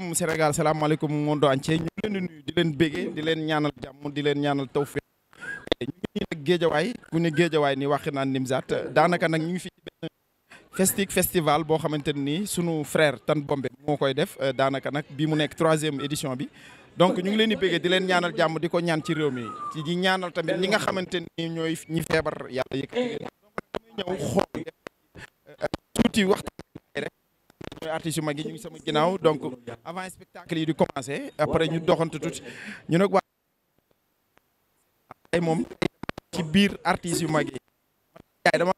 salaamaaleykum Sénégal salaamaaleykum monde entier ñu leen di nuyu di leen béggee di leen ñaanal jàmm di leen ñaanal tawfiq ñu ngi nii nag géejawaay ku ne géejawaay ni wax naan nimsaat daanaka nag ñu ngi fi benn festique festival boo xamante nii suñu frère Tan Bombe moo koy def euh, daanaka nag bi mu nekk troisième édition bi donc ñu ngi leen di béggee di leen ñaanal jàmm di ko ñaan ci réew mi ci di ñaanal tamit ñi nga xamante ni ñooy ñi feebar yàlla yëkkati leen ñëw euh, tuuti waxtaan mooy artistes yu mag yi ñu ngi sama ginnaaw donc avant spectacle yi di commencer après ñu doxantu tuuti ñu nag waa moom ci biir artistes yu mag yi dama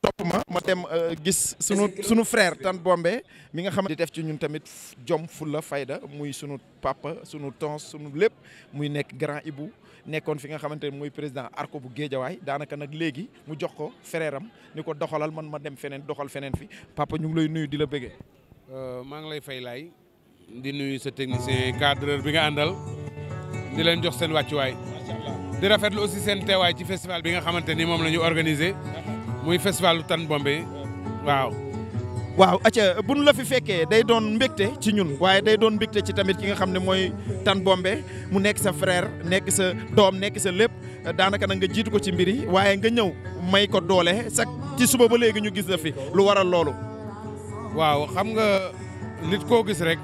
topp ma ma dem euh, gis sunu sunu frère Tan Bombe mi nga xam def ci ñun tamit jom fulla fayda muy sunu papa sunu tons sunu lépp muy nekk grand Ibou nekkoon fi nga xamante ne muy président arko bu géejawaay daanaka nag léegi mu jox ko frère am ni ko doxalal man ma dem feneen doxal feneen fi papa ñu ngi lay nuyu di la bëggee Euh, maa ngi lay fay laay nuyu sa technicien cadreur bi nga àndal di leen jox seen wàccuwaay di rafetlu aussi seen teewaay ci festival bi nga xamante ni moom la ñu organisé muy festival lu Tan Bombé waaw. waaw acca bu nu la fi fekkee day doon mbégte ci ñun waaye day doon mbégte ci tamit ki nga xam ne mooy Tan Bombé mu nekk sa frère nekk sa doom nekk sa lépp daanaka nag nga jiitu ko ci mbir yi waaye nga ñëw may ko doole sax ci suba ba léegi ñu gis la fi lu waral loolu. waaw xam nga nit koo gis rek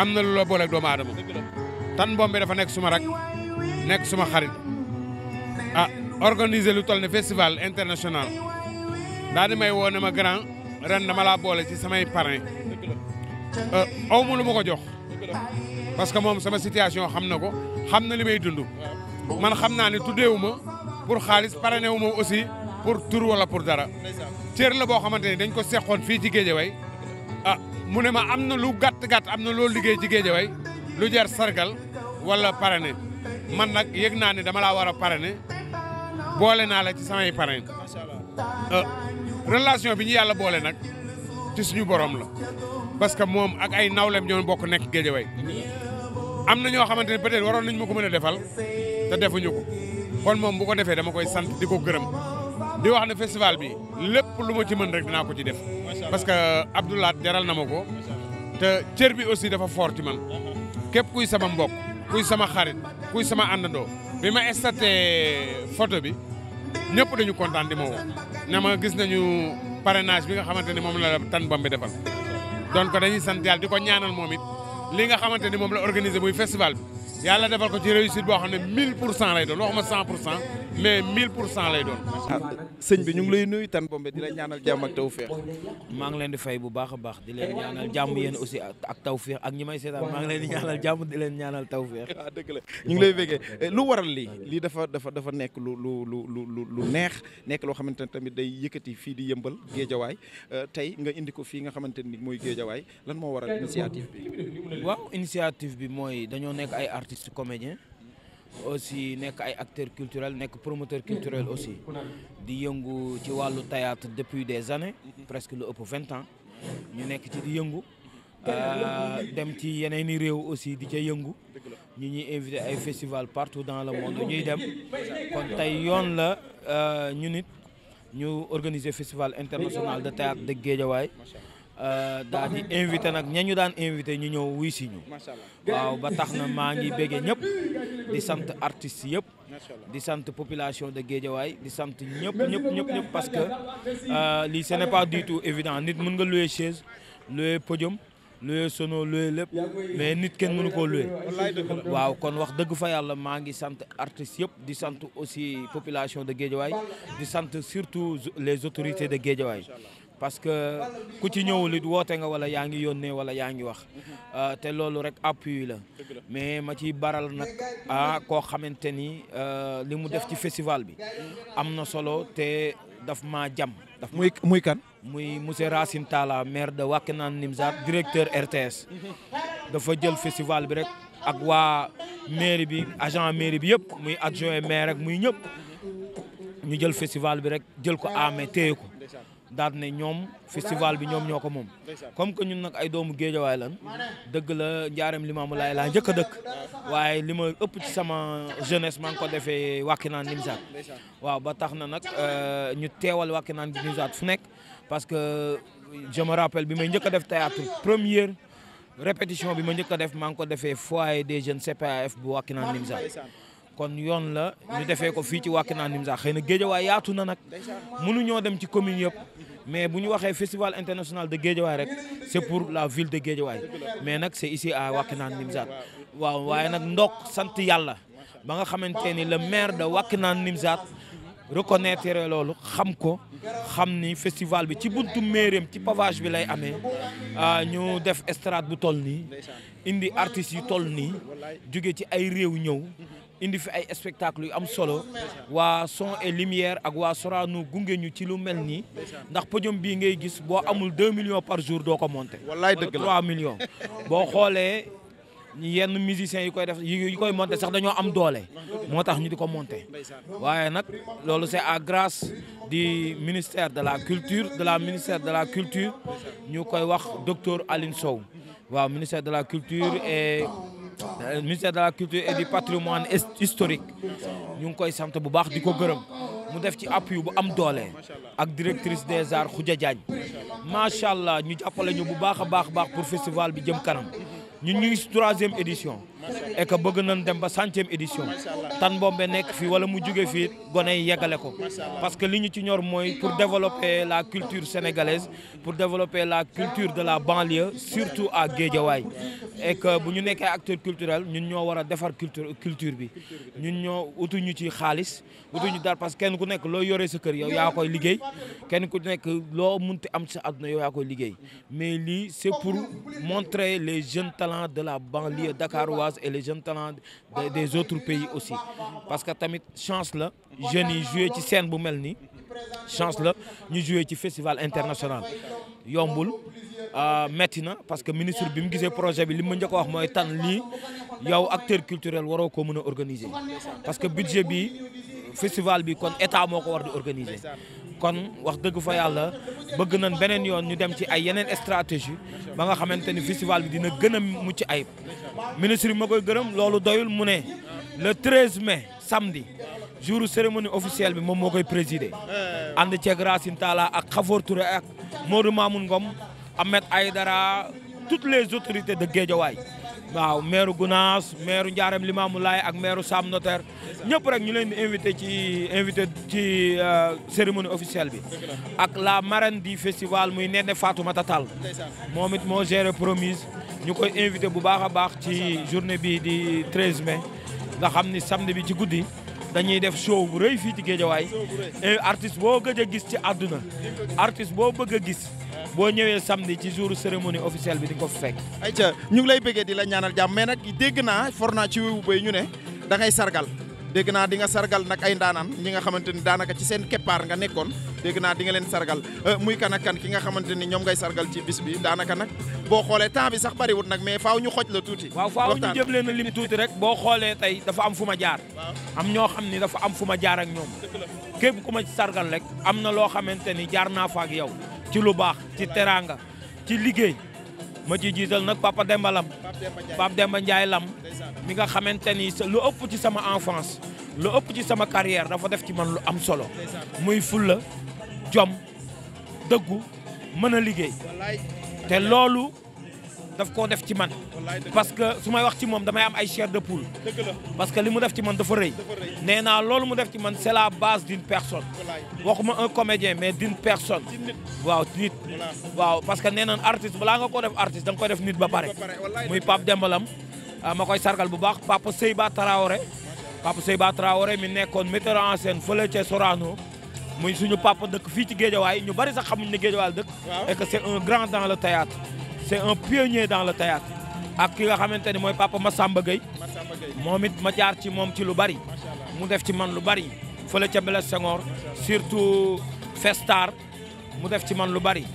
am na lu la booleeg doomu aadama Tan Bombé dafa nekk suma rek nekk suma xarit a ah, organiser lu toll ne festival international daal di may woo ne ma grand ren dama laa boole si samay parrain eh, aw ma lu ma ko jox parce que moom sama situation xam na ko xam na li may dund man xam naa ne tuddeewu ma xaalis parrainé aussi pour tur wala pour dara cër la boo xamante ni dañ ko seqoon fii ci Géejawaay ah mu ne ma am na lu gàtt-gàtt am na loo liggéey ci Géejawaay lu jar sargal wala parrainé man nag yëg naa ne dama laa war a parrainé boole naa la ci samay parrain ah, relation bi ñu yàlla boole nag ci suñu borom la parce que moom ak ay nawlem ñoo bokk nekk Géejawaay am na ñoo xamante ne peut-être waroon nañ ma ko mën a defal te ko kon moom bu ko defee dama koy sant di ko gërëm di wax ne festival bi lépp lu ma ci mën rek dinaa ko ci def parce que Abdoulaat jaral na ma ko te cër bi aussi dafa fort ci man képp kuy sama mbokk kuy sama xarit kuy sama àndandoo bi ma estaté photo bi ñëpp dañu kontaan di ma woo ne ma gis nañu parrainage bi nga xamante ni moom la tan bam bi defal donc dañuy sant yàlla di ko ñaanal moom it li nga xamante ni moom la organisé muy festival bi yàlla defal ko ci réussite boo xam ne 1000 pour cent lay doon waxuma cent mais 1000 pour cent lay doon. sëñ bi ñu ngi lay nuyu Tane Bombe di la ñaanal jàmm ak tawféex. maa ngi leen di fay bu baax a baax di leen ñaanal jàmm yéen aussi ak tawféex ak ñi may seetaan maa ngi leen di jàmm di leen ñaanal tawféex. waaw ah, dëgg la ñu ngi lay bëggee eh, lu waral lii lii dafa dafa dafa nekk lu lu lu lu lu neex nekk loo xamante ne tamit day yëkkati fii di yëmbal géejawaay eh, tey nga indi ko fii nga xamante ni mooy géejawaay lan moo waral initiative bi. waaw initiative bi mooy dañoo nekk ay artistes comédiens aussi nekk ay acteur culturel nekk promoteur culturel aussi di yëngu ci wàllu théâtre depuis des années presque lu ëpp vingt ans ñu nekk ci di yëngu euh, dem ci yeneen i réew aussi di ca yëngu ñu ñuy invité ay festival partout dans le monde ñuy dem kon tey yoon la euh, ñu nit ñu organiser festival international de théâtre de Guédiawaye Euh, daal di invité nag ña ñu daan invité ñu ñëw wuy si ñu. waaw ba tax na maa ngi béggee ñëpp di sant artistes yëpp. di sant population de Guédiawaye di sant ñëpp ñëpp ñëpp parce que euh, lii ce n'est pas du tout évident nit mën nga louer chaise louer podium. luye sono luye lépp mais nit kenn mënu koo luye waaw kon wax dëgg fa yàlla maa ngi sant artistes yëpp di sant aussi population de Guédiawaye di sant surtout les autorités de Guédiawaye parce que ku ci ñëwul it woote nga wala yaa ngi yónnee wala yaa ngi wax euh, te loolu rek appui la mais ma ci baral nag ah koo xamante ni euh, li mu def ci festival bi am na solo te daf ma jam daf muy muy kan muy monsieur Racine Talla maire de Wakhinane Nimzatt directeur RTS dafa jël festival bi rek ak waa mairie bi agent mairie bi yëpp muy adjoint maire rek muy ñëpp ñu jël festival bi rek jël ko amee téye ko daal ne ñoom festival bi ñoom ñoo ko moom comme que ñun nag ay doomu géejawaay lan dëgg la njaareem limaamu laay laa njëkk a dëkk waaye li ma ëpp ci sama jeunesse maa ngi ko defee Wakhinane Nimzatt waaw ba tax na nag euh, ñu teewal Wakhinane bi Nimzatt fu nekk parce que je me bi may njëkk a def théâtre première répétition bi ma njëkk a def maa ngi ko defee foyer de jeunes CPAF bu Wakhinane Nimzatt kon yoon la ñu defee ko fii ci Wakhinane Nimzatt xëy na Géejawaay yaatu na nag mënuñoo dem ci commune yëpp mais bu ñu waxee festival international de Guédiawaye rek c'est pour la ville de Guédiawaye mais nag c'est ici à Wakhinane Nimzatt waaw waaye nag ndokk sant yàlla ba nga xamante ni la maire de Wakhinane Nimzatt reconnaître loolu xam ko xam ni festival bi ci buntu mairie ci pavage bi lay amee ah, ñu def estrade bu toll nii indi artistes yu tol nii jóge ci ay réew ñëw indi fi ay spectacle yu am solo waa son et lumière ak waa Sorano gunge ñu ci lu mel nii ndax podium bii ngay gis boo amul 2 millions par jour doo ko monter. wallaay dëgg la 3 millions boo xoolee. yenn musiciens yi koy def yi koy monter sax dañoo am doole moo tax ñu di ko monter waaye nag loolu c'est à grace di ministère de la culture de la ministère de la culture ñu koy wax docteur Aline Sow waaw ministère de la culture et Euh, ministère de la culture et du patrimoine historique ñu ngi koy sant bu baax di ko gërëm mu def ci appui bu am doole ak directrice des arts Khoudia Diagne macha allah ñu jàppale ñu bu baax a baax baax pour festival bi jëm kanam ñu ngi si troisième édition. et que bëgg nañ dem ba centième édition Tan Bombé nekk fii wala mu jóge fi gone yi yeggale ko parce que li ñu ci ñor mooy pour développer la culture sénégalaise pour développer la culture de la banlieue surtout à Guédiawaye et que bu ñu nekkee acteur culturel ñun ñoo war defar culture culture bi ñun ñoo utuñu ci xaalis utuñu dara parce que kenn ku nekk loo yoree sa kër yow yaa koy liggéey kenn ku nekk loo munti am sa àdduna yow yaa koy liggéey mais lii c'est pour les jeunes talents de la jeunes et les jeunes talents des, des autres pays aussi parce que tamit chance la jeunes yi joué ci scène bu mel nii chance la ñu joué ci festival international yombul euh, mettina na parce que ministre bi mu gisee projet bi li ma njëkk wax mooy tan lii yow acteur culturel waroo ko mën a organiser parce que budget bi festival bi kon état moo ko war di organiser kon wax dëgg fa yàlla bëgg nañ beneen yoon ñu dem ci ay yeneen stratégie ba nga xamante ni festival bi dina gën a mucc ayib ministre bi ma koy gërëm loolu doyul mu ne le 13 mai samedi jour cérémonie officielle bi moom moo koy présider ànd ceeg Racine Talla ak Khafor Touré ak Modou Mamoun Ngom Ahmed Aïdara toutes les autorités de Guédiawaye waaw maire Gounass maire Ndiarème Limamou Laye ak maire Sam Notaire ñëpp rek ñu leen di invité ci invité ci euh, cérémonie officielle bi ak la marraine du festival muy Néné Fatoumata Tall moom it moo géré promise ñu koy invité bu baax a baax ci journée bi di 13 mai nga xam ni samedi bi ci guddi dañuy def show bu rëy fii ci Géejawaay artiste boo gëj a gis ci àdduna artiste boo bëgg a gis boo ñëwee samedi ci jour cérémonie officielle bi di ko fekk. ayca ñu lay béggee di la ñaanal jàmm mais nag dégg naa for ci wéwu bay ñu ne da ngay sargal dégg naa di nga sargal nag ay ndaanaan ñi nga xamante ni daanaka ci seen keppaar nga nekkoon dégg naa dinga nga leen sargal euh, muy kan ak kan ki nga xamante ni ñoom ngay sargal ci bis bi daanaka nag boo xoolee temps bi sax bariwut nag mais faaw ñu xoj la tuuti. waaw faaw ñu jëb leen lim tuuti rek boo xoolee tey dafa am fu ma jaar. am ñoo xam ni dafa am fu ma jaar ak ñoom. képp ku ma sargal rek am na loo xamante ni jaar naa fa ak yow ci lu baax ci teraanga ci liggéey ma ci jiital nag papa Demba Lam papa Demba Ndiaye Lam bi nga xamante ni lu ëpp ci sama enfance lu ëpp ci sama carrière dafa def ci man lu am solo muy fulla jom dëggu mën a liggéey te loolu daf koo def ci man parce que su may wax ci moom damay am ay chair de parce que li mu def ci man dafa rëy nee naa loolu mu def ci man c'est la base d'une personne waxuma un comédien mais d'une personne waaw nit waaw parce que nee naan artiste balaa nga koo def artiste da nga koy def nit ba pare muy Pape Demba Lam ah, ma koy sargal bu baax Papa Seyba Traoré Papa Seyba Traoré mi nekkoon metteur en scène fële ca Sorano muy suñu papa dëkk fii ci Géejawaay ñu bari sax xamuñ ne Géejawaay dëkk et que un grand dans le théâtre c'est un pionnier dans le théâtre ak ki nga xamante ni mooy papa ma samba moom it ma jaar ci moom ci lu bari mu def ci man lu bari fële ca Blaise Senghor surtout Festar mu def ci man lu bari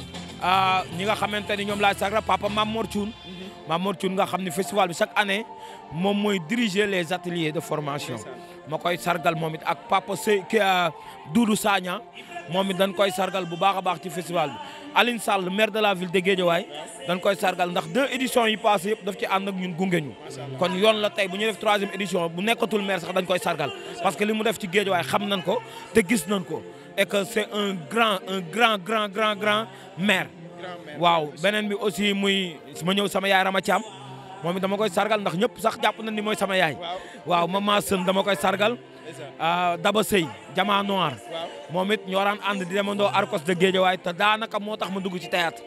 ah, ñi nga xamante ni ñoom laa sagra papa Mamor Thioune mhm. Mamor Thioune nga xam ne festival bi chaque année moom mooy diriger les ateliers de formation ma koy sargal moom ak papa Sey euh, Doudou Sagna moom it dañ koy sargal bu baaxa baax ci festival bi Alioune Sall maire de la ville de Guédiawaye dañ koy sargal ndax deux éditions yi passé yëpp daf ci ànd ak ñun gunge ñu kon yoon la tey bu ñu def troisième édition bu nekkatul maire sax dañ koy sargal parce que li mu def ci Guédiawaye xam nañ ko te gis nañ ko et que c'est un grand un grand grand grand grand maire waaw beneen bi aussi muy ma ñëw sama yaay Rama Thiam moom it dama koy sargal ndax ñëpp sax jàpp na ni mooy sama yaay waaw mama sën dama koy sargal ah, daba sëy jama noir moom it ñoo daan ànd di demandoo arcos de Guédiawaye te daanaka moo tax ma dugg ci théâtre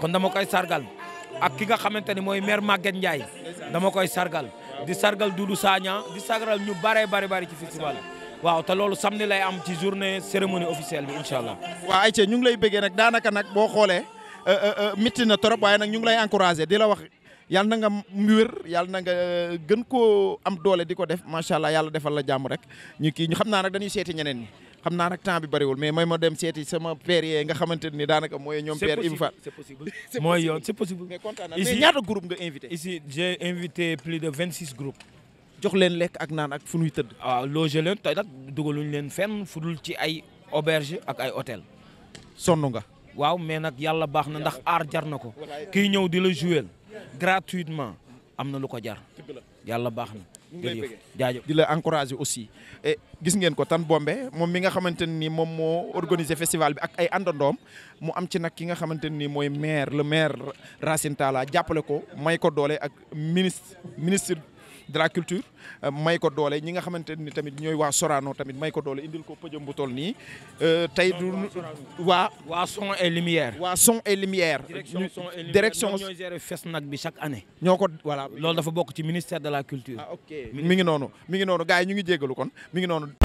kon dama koy sargal ak ki nga xamante ni mooy maire Maguette Ndiaye dama koy sargal di sargal Doudou Sagna di sargal ñu bare bari bari ci festival waaw te loolu sam samedi lay am ci journée cérémonie officielle bi incha allah. waaw ayca ñu ngi lay bëggee nag daanaka nag boo xoolee euh, euh, euh, métti na trop waaye nag ñu ngi lay encouragé di la wax. yàlla na nga wér yal na nga euh, gën koo am doole di ko def macha allah yàlla defal la jàmm rek ñu kii ñu xam naa nag dañuy seeti ñeneen ñi xam naa nag temps bi bëriwul mais may ma dem seeti sama père yee nga xamante ni daanaka mooy ñoom père Ibou Fall c'est possible mooy yoon c'est possible mais kontaan naa mais ñaata groupe nga invité ici j'ai invité plus de vingt six groupes jox leen lekk ak naan ak fu ñuy tëdd waaw ah, loger leen tey nag dugaluñ leen fenn fu dul ci ay auberge ak ay hôtel sonn nga waaw mais nag yàlla baax na ndax aar jar na ko kii ñëw di la jouer gratuitement am na lu ko jar yàlla baax na jërëjëf jaajëf di la encourager aussi et eh, gis ngeen ko tan bombe moom mi nga xamante nii moom moo organiser festival bi ak ay àndandoom mu am ci nag ki nga xamante nii mooy maire le maire Racine Talla jàppale ko may ko doole ak ministre ministre de la culture euh, may ko doole ñi nga xamante ni tamit ñooy waa Sorano tamit may ko doole indil ko pëjëm bu toll nii euh, tey du waa waa son et lumière waa son et lumière direction ñooy gérer fes nag bi chaque année ñoo ko voilà loolu dafa bokk ci ministère de la culture ah ngi noonu mi ngi noonu gars yi ñu ngi jéggalu kon mi ngi noonu